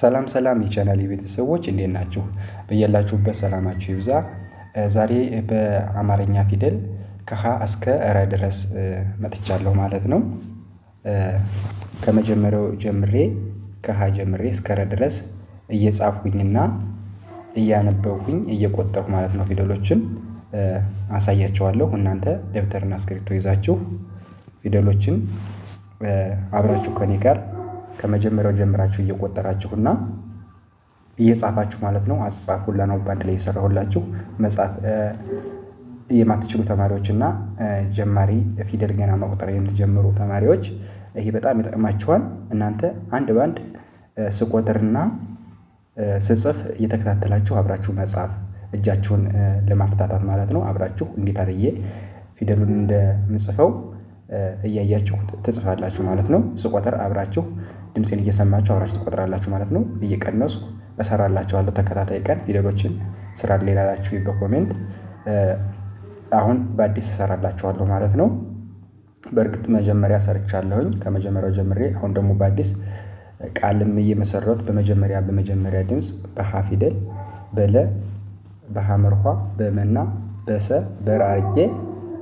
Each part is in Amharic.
ሰላም ሰላም የቻናል ቤተሰቦች እንዴት ናችሁ? በያላችሁበት ሰላማችሁ ይብዛ። ዛሬ በአማርኛ ፊደል ከሀ እስከ ረ ድረስ መጥቻለሁ ማለት ነው። ከመጀመሪያው ጀምሬ ከሀ ጀምሬ እስከ ረ ድረስ እየጻፍኩኝና እያነበብኩኝ እየቆጠሁ ማለት ነው ፊደሎችን አሳያቸዋለሁ። እናንተ ደብተርና እስክሪብቶ ይዛችሁ ፊደሎችን አብራችሁ ከኔ ጋር ከመጀመሪያው ጀምራችሁ እየቆጠራችሁና እየጻፋችሁ ማለት ነው። አጻፍ ሁላ ነው በአንድ ላይ የሰራሁላችሁ መጻፍ የማትችሉ ተማሪዎች እና ጀማሪ ፊደል ገና መቁጠር የምትጀምሩ ተማሪዎች ይሄ በጣም ይጠቅማችኋል። እናንተ አንድ በአንድ ስቆጥርና ስጽፍ እየተከታተላችሁ አብራችሁ መጻፍ እጃችሁን ለማፍታታት ማለት ነው። አብራችሁ እንዴት አድርጌ ፊደሉን እንደምጽፈው እያያችሁ ትጽፋላችሁ ማለት ነው። ስቆጥር አብራችሁ ድምፄን እየሰማችሁ አብራችሁ ትቆጥራላችሁ ማለት ነው። እየቀነስኩ እሰራላችኋለሁ ተከታታይ ቀን ፊደሎችን ስራ ሌላላችሁ በኮሜንት አሁን በአዲስ እሰራላችኋለሁ ማለት ነው። በእርግጥ መጀመሪያ ሰርቻለሁኝ ከመጀመሪያው ጀምሬ፣ አሁን ደግሞ በአዲስ ቃልም እየመሰረት በመጀመሪያ በመጀመሪያ ድምፅ በሀ ፊደል በለ በሐመርኋ በመና በሰ በራርጌ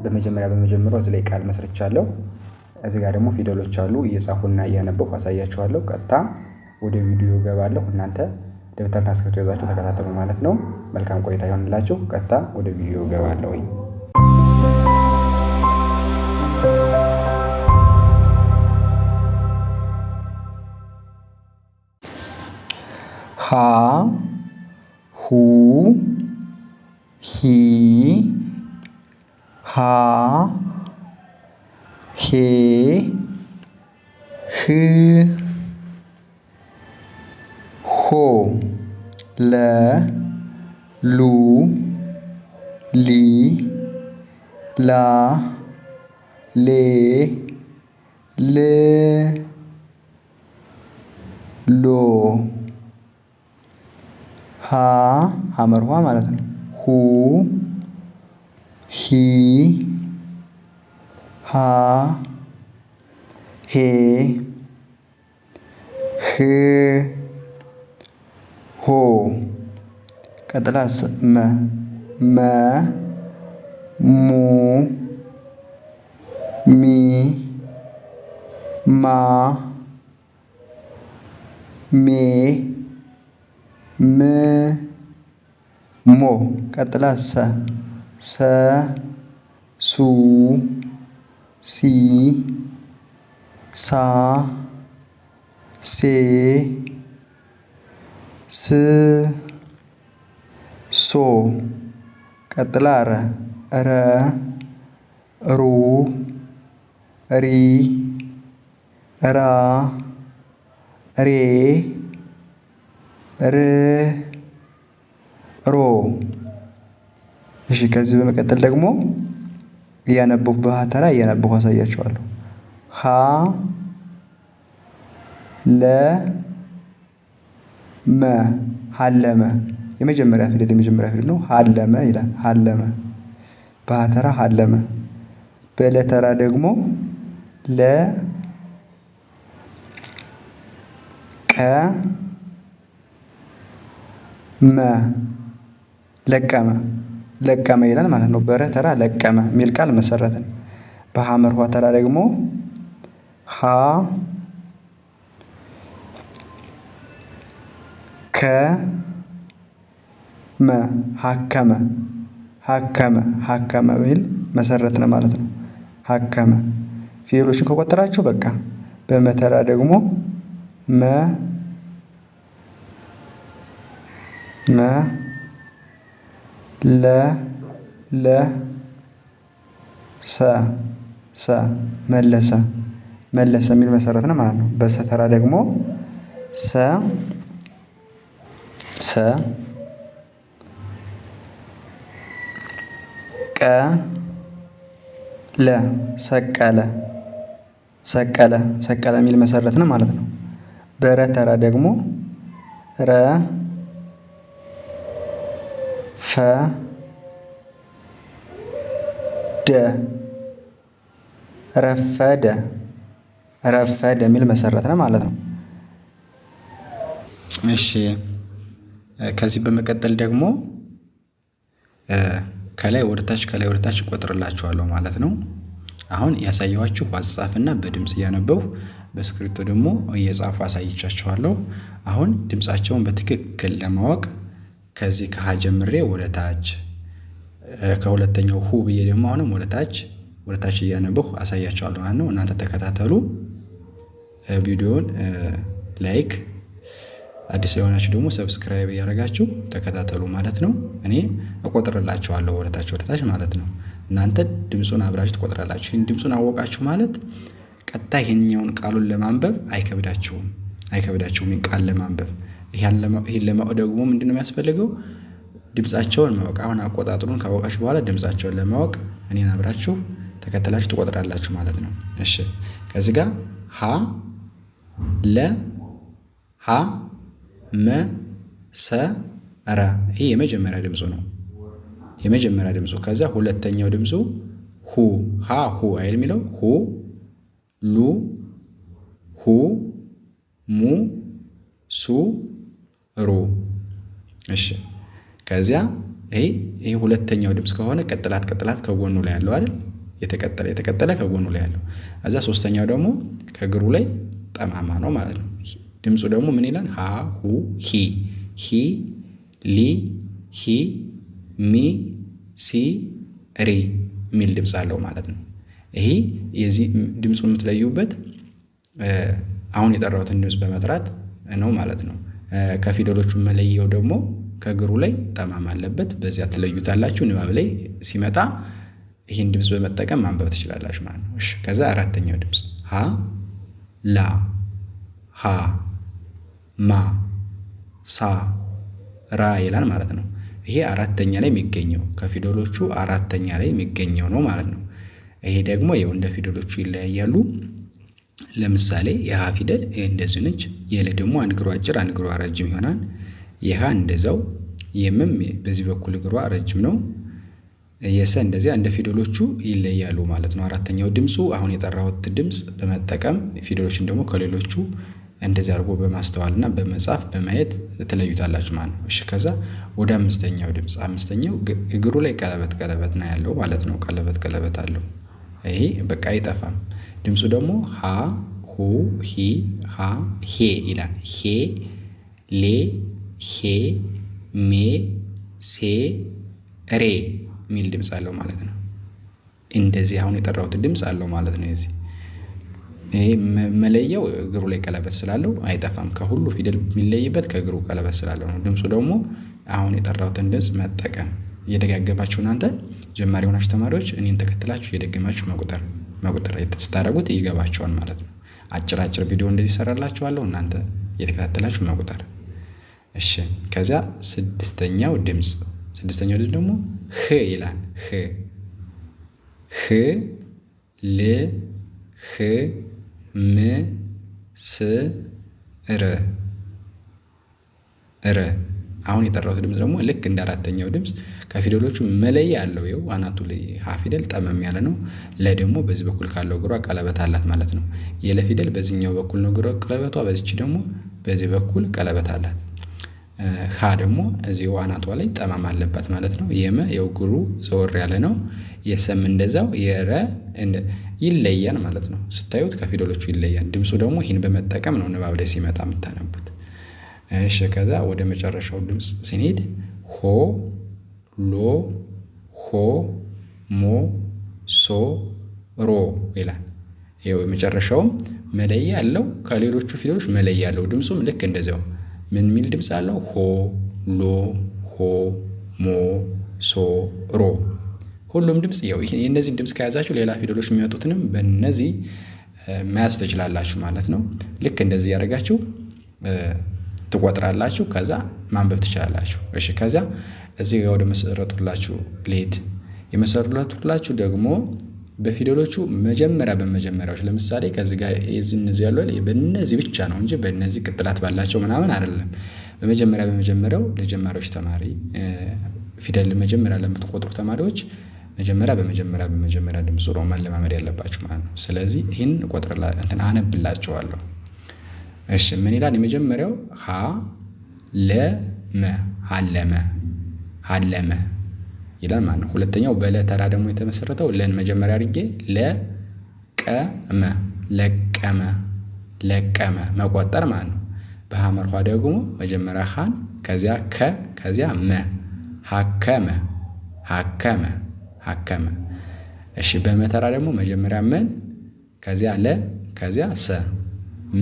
በመጀመሪያ በመጀመሪያው እዚህ ላይ ቃል መስርቻለሁ። እዚህ ጋር ደግሞ ፊደሎች አሉ እየጻፉና እያነበኩ አሳያችኋለሁ። ቀጥታ ወደ ቪዲዮ ገባለሁ። እናንተ ደብተርና እስክሪብቶ ይዛችሁ ተከታተሉ ማለት ነው። መልካም ቆይታ ይሆንላችሁ። ቀጥታ ወደ ቪዲዮ ገባለሁ። ሀ ሁ ሂ ሃ ሄ ህ ሆ ለ ሉ ሊ ላ ሌ ል ሎ ሀ ሀመር ማለት ነው ሁ ሂ ሀ ሄ ህ ሆ ቀጥላስ መ መ ሙ ሚ ማ ሜ ም ሞ ቀጥላስ ሰ ሰ ሱ ሲ ሳ ሴ ስ ሶ ቀጥላ ረ ረ ሩ ሪ ራ ሬ ር ሮ። እሺ ከዚህ በመቀጠል ደግሞ እያነበኩ በሀተራ እያነበኩ አሳያቸዋለሁ ሀ ለ መ ሀለመ የመጀመሪያ ፊደል የመጀመሪያ ፊደል ነው። ሀለመ ይላል። ሀለመ በሀተራ ሀለመ። በለተራ ደግሞ ለ ቀ መ ለቀመ ለቀመ ይላል ማለት ነው። በረ ተራ ለቀመ የሚል ቃል መሰረትን። በሀመርኋ ተራ ደግሞ ሀ ከመ ሀከመ ሀከመ ሀከመ የሚል መሰረት ነው ማለት ነው። ሀከመ ፊደሎችን ከቆጠራችሁ በቃ። በመተራ ደግሞ መ መ ለለሰ ሰ መለሰ መለሰ የሚል መሰረት ነው ማለት ነው። በሰተራ ደግሞ ሰ ሰ ቀ ለ ሰቀለ ሰቀለ ሰቀለ የሚል መሰረት ነው ማለት ነው። በረተራ ደግሞ ረ ፈ ደ ረፈደ ረፈደ የሚል መሰረት ነው ማለት ነው። እሺ ከዚህ በመቀጠል ደግሞ ከላይ ወደታች ከላይ ወደታች እቆጥርላችኋለሁ ማለት ነው። አሁን ያሳየኋችሁ በአጻጻፍና በድምፅ እያነበው በስክሪፕቶ ደግሞ እየጻፉ አሳይቻችኋለሁ። አሁን ድምፃቸውን በትክክል ለማወቅ ከዚህ ከሀ ጀምሬ ወደ ታች ከሁለተኛው ሁ ብዬ ደግሞ አሁንም ወደ ታች ወደ ታች እያነበሁ አሳያቸዋለሁ ማለት ነው። እናንተ ተከታተሉ። ቪዲዮውን ላይክ፣ አዲስ የሆናችሁ ደግሞ ሰብስክራይብ እያደረጋችሁ ተከታተሉ ማለት ነው። እኔ እቆጥርላችኋለሁ ወደታች ወደታች ማለት ነው። እናንተ ድምፁን አብራችሁ ትቆጥራላችሁ። ይህን ድምፁን አወቃችሁ ማለት ቀጣይ ይህኛውን ቃሉን ለማንበብ አይከብዳችሁም አይከብዳችሁም ቃል ለማንበብ ይህን ለማወቅ ደግሞ ምንድነው የሚያስፈልገው? ድምፃቸውን ማወቅ አሁን አቆጣጥሩን ካወቃችሁ በኋላ ድምፃቸውን ለማወቅ እኔን አብራችሁ ተከትላችሁ ትቆጥራላችሁ ማለት ነው። እሺ ከዚህ ጋር ሀ ለ ሀ መ ሰ ረ ይህ የመጀመሪያ ድምፁ ነው። የመጀመሪያ ድምፁ ከዚያ ሁለተኛው ድምፁ ሁ ሀ ሁ አይል የሚለው ሁ ሉ ሁ ሙ ሱ ሩ። እሺ ከዚያ ይሄ ይሄ ሁለተኛው ድምፅ ከሆነ ቀጥላት ቀጥላት ከጎኑ ላይ ያለው አይደል? የተቀጠለ የተቀጠለ ከጎኑ ላይ ያለው እዛ። ሶስተኛው ደግሞ ከእግሩ ላይ ጠማማ ነው ማለት ነው። ድምፁ ደግሞ ምን ይላል? ሀ ሁ ሂ ሂ ሊ ሂ ሚ ሲ ሪ የሚል ድምፅ አለው ማለት ነው። ይሄ የዚህ ድምፁ የምትለዩበት አሁን የጠራሁትን ድምፅ በመጥራት ነው ማለት ነው። ከፊደሎቹ መለየው ደግሞ ከእግሩ ላይ ጠማም አለበት። በዚያ ትለዩታላችሁ። ንባብ ላይ ሲመጣ ይህን ድምፅ በመጠቀም ማንበብ ትችላላችሁ ማለት ነው። እሺ ከዛ አራተኛው ድምፅ ሀ ላ ሀ ማ ሳ ራ ይላል ማለት ነው። ይሄ አራተኛ ላይ የሚገኘው ከፊደሎቹ አራተኛ ላይ የሚገኘው ነው ማለት ነው። ይሄ ደግሞ የው እንደ ፊደሎቹ ይለያያሉ። ለምሳሌ የሀ ፊደል እንደዚሁ ነች። የለ ደግሞ አንድ እግሯ አጭር አንድ እግሯ ረጅም ይሆናል። የሀ እንደዛው። የምም በዚህ በኩል እግሯ ረጅም ነው። የሰ እንደዚያ እንደ ፊደሎቹ ይለያሉ ማለት ነው። አራተኛው ድምፁ አሁን የጠራሁት ድምፅ በመጠቀም ፊደሎችን ደግሞ ከሌሎቹ እንደዚህ አድርጎ በማስተዋልና በመጻፍ በማየት ትለዩታላችሁ ማለት ነው። እሺ ከዛ ወደ አምስተኛው ድምፅ አምስተኛው እግሩ ላይ ቀለበት ቀለበት ነው ያለው ማለት ነው። ቀለበት ቀለበት አለው። ይሄ በቃ አይጠፋም። ድምፁ ደግሞ ሀ ሁ ሂ ሃ ሄ ይላል። ሄ ሌ ሄ ሜ ሴ ሬ የሚል ድምፅ አለው ማለት ነው። እንደዚህ አሁን የጠራሁትን ድምፅ አለው ማለት ነው። የዚህ መለየው መለያው እግሩ ላይ ቀለበት ስላለው አይጠፋም። ከሁሉ ፊደል የሚለይበት ከእግሩ ቀለበት ስላለው ነው። ድምፁ ደግሞ አሁን የጠራሁትን ድምፅ መጠቀም እየደጋገማችሁ እናንተ ጀማሪ የሆናችሁ ተማሪዎች እኔን ተከትላችሁ እየደገማችሁ መቁጠር መቁጠር ስታደረጉት ይገባቸዋል ማለት ነው። አጭር አጭር ቪዲዮ እንደዚህ ይሰራላችኋለሁ እናንተ እየተከታተላችሁ መቁጠር። እሺ ከዚያ ስድስተኛው ድምፅ ስድስተኛው ድምፅ ደግሞ ህ ይላል። ህ ህ ል ህ ም ስ ር ር አሁን የጠራሁት ድምፅ ደግሞ ልክ እንደ አራተኛው ድምፅ ከፊደሎቹ መለያ አለው። ይኸው አናቱ ላይ ሀ ፊደል ጠመም ያለ ነው። ለ ደግሞ በዚህ በኩል ካለው እግሯ ቀለበት አላት ማለት ነው። የለ ፊደል በዚህኛው በኩል ነው እግሯ ቀለበቷ፣ በዚች ደግሞ በዚህ በኩል ቀለበት አላት። ሀ ደግሞ እዚሁ አናቷ ላይ ጠመም አለባት ማለት ነው። የመ የው ዘወር ያለ ነው። የሰም እንደዛው የረ ይለያል ማለት ነው። ስታዩት ከፊደሎቹ ይለያል። ድምፁ ደግሞ ይህን በመጠቀም ነው ንባብ ላይ ሲመጣ የምታነቡት። እሺ ከዛ ወደ መጨረሻው ድምፅ ስንሄድ ሆ ሎ ሆ ሞ ሶ ሮ ይላል። ይኸው የመጨረሻውም መለያ አለው ከሌሎቹ ፊደሎች መለያ አለው። ድምፁም ልክ እንደዚያው ምን ሚል ድምፅ አለው? ሆ ሎ ሆ ሞ ሶ ሮ ሁሉም ድምፅ ይኸው የእነዚህን ድምፅ ከያዛችሁ ሌላ ፊደሎች የሚወጡትንም በእነዚህ መያዝ ትችላላችሁ ማለት ነው። ልክ እንደዚህ ያደርጋችሁ ትቆጥራላችሁ። ከዛ ማንበብ ትችላላችሁ። እሺ ከዚያ እዚህ ጋር ወደ መሰረቱላችሁ ሊሄድ የመሰረቱላችሁ ደግሞ በፊደሎቹ መጀመሪያ በመጀመሪያዎች ለምሳሌ ከዚህ ጋር እነዚህ ያሉ በእነዚህ ብቻ ነው እንጂ በእነዚህ ቅጥላት ባላቸው ምናምን አይደለም። በመጀመሪያ በመጀመሪያው ለጀማሪዎች ተማሪ ፊደል መጀመሪያ ለምትቆጥሩ ተማሪዎች መጀመሪያ በመጀመሪያ በመጀመሪያ ድምፁ ማለማመድ ያለባቸው ያለባችሁ ማለት ነው። ስለዚህ ይህን አነብላችኋለሁ እሺ ምን ይላል? የመጀመሪያው ሀ ለመ ሀለመ ሀለመ ይላል ማለት ነው። ሁለተኛው በለ ተራ ደግሞ የተመሰረተው ለን መጀመሪያ አድርጌ ለቀመ ለቀመ ለቀመ መቆጠር ማለት ነው። በሐመርኋ ደግሞ መጀመሪያ ሀን ከዚያ ከ ከዚያ መ ሀከመ ሀከመ ሀከመ። እሺ በመተራ ደግሞ መጀመሪያ ምን ከዚያ ለ ከዚያ ሰ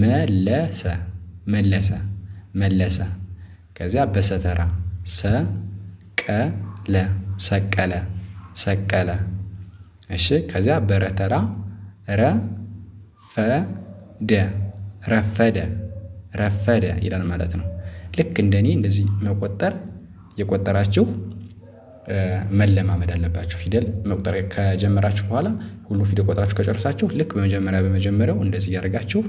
መለሰ መለሰ መለሰ ከዚያ በሰተራ ሰቀለ ሰቀለ ሰቀለ እሺ ከዚያ በረተራ ረፈደ ረፈደ ረፈደ ይላል ማለት ነው። ልክ እንደኔ እንደዚህ መቆጠር እየቆጠራችሁ መለማመድ አለባችሁ። ፊደል መቁጠር ከጀመራችሁ በኋላ ሁሉ ፊደል ቆጥራችሁ ከጨረሳችሁ ልክ በመጀመሪያ በመጀመሪያው እንደዚህ እያደርጋችሁ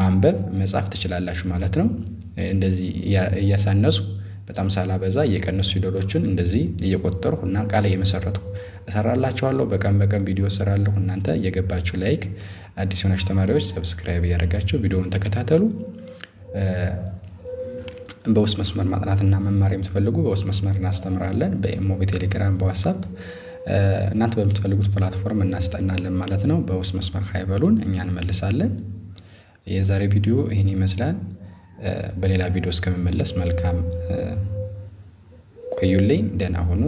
ማንበብ መጻፍ ትችላላችሁ ማለት ነው። እንደዚህ እያሳነሱ በጣም ሳላበዛ እየቀነሱ ፊደሎችን እንደዚህ እየቆጠሩ እና ቃል እየመሰረትኩ እሰራላችኋለሁ። በቀን በቀን ቪዲዮ እሰራለሁ። እናንተ እየገባችሁ ላይክ፣ አዲስ የሆናችሁ ተማሪዎች ሰብስክራይብ እያደረጋችሁ ቪዲዮውን ተከታተሉ። በውስጥ መስመር ማጥናትና መማር የምትፈልጉ በውስጥ መስመር እናስተምራለን። በኢሞ፣ በቴሌግራም፣ በዋትሳፕ እናንተ በምትፈልጉት ፕላትፎርም እናስጠናለን ማለት ነው። በውስጥ መስመር ሀይበሉን እኛ እንመልሳለን። የዛሬ ቪዲዮ ይህን ይመስላል። በሌላ ቪዲዮ እስከምመለስ መልካም ቆዩልኝ። ደህና ሁኑ።